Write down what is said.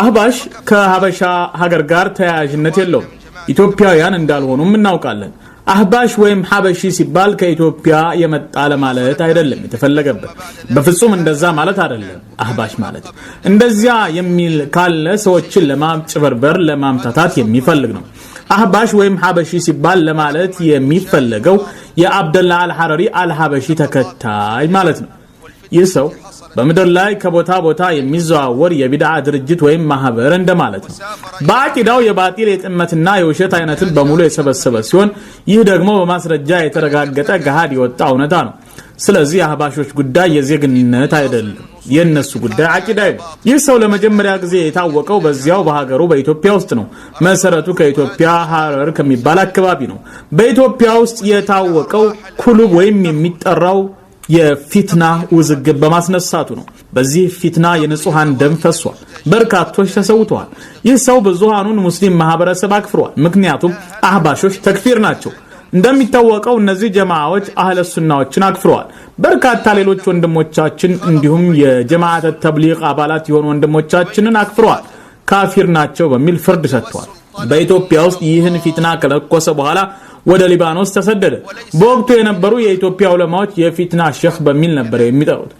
አህባሽ ከሀበሻ ሀገር ጋር ተያያዥነት የለውም። ኢትዮጵያውያን እንዳልሆኑም እናውቃለን። አህባሽ ወይም ሀበሺ ሲባል ከኢትዮጵያ የመጣ ለማለት አይደለም የተፈለገበት። በፍጹም እንደዛ ማለት አይደለም። አህባሽ ማለት እንደዚያ የሚል ካለ ሰዎችን ለማጭበርበር ለማምታታት የሚፈልግ ነው። አህባሽ ወይም ሀበሺ ሲባል ለማለት የሚፈለገው የአብደላ አልሐረሪ አልሀበሺ ተከታይ ማለት ነው። ይህ ሰው በምድር ላይ ከቦታ ቦታ የሚዘዋወር የቢድዓ ድርጅት ወይም ማህበር እንደማለት ነው። በአቂዳው የባጢል የጥመትና የውሸት አይነትን በሙሉ የሰበሰበ ሲሆን ይህ ደግሞ በማስረጃ የተረጋገጠ ገሃድ የወጣ እውነታ ነው። ስለዚህ የአህባሾች ጉዳይ የዜግነት አይደለም፣ የእነሱ ጉዳይ አቂዳ ነው። ይህ ሰው ለመጀመሪያ ጊዜ የታወቀው በዚያው በሀገሩ በኢትዮጵያ ውስጥ ነው። መሰረቱ ከኢትዮጵያ ሀረር ከሚባል አካባቢ ነው። በኢትዮጵያ ውስጥ የታወቀው ኩሉብ ወይም የሚጠራው የፊትና ውዝግብ በማስነሳቱ ነው። በዚህ ፊትና የንጹሐን ደም ፈሷል፣ በርካቶች ተሰውተዋል። ይህ ሰው ብዙሃኑን ሙስሊም ማህበረሰብ አክፍሯል። ምክንያቱም አህባሾች ተክፊር ናቸው። እንደሚታወቀው እነዚህ ጀማዓዎች አህለ ሱናዎችን አክፍረዋል። በርካታ ሌሎች ወንድሞቻችን እንዲሁም የጀማዓተ ተብሊቅ አባላት የሆኑ ወንድሞቻችንን አክፍረዋል። ካፊር ናቸው በሚል ፍርድ ሰጥተዋል። በኢትዮጵያ ውስጥ ይህን ፊትና ከለኮሰ በኋላ ወደ ሊባኖስ ተሰደደ። በወቅቱ የነበሩ የኢትዮጵያ ዑለማዎች የፊትና ሸህ በሚል ነበር የሚጠሩት።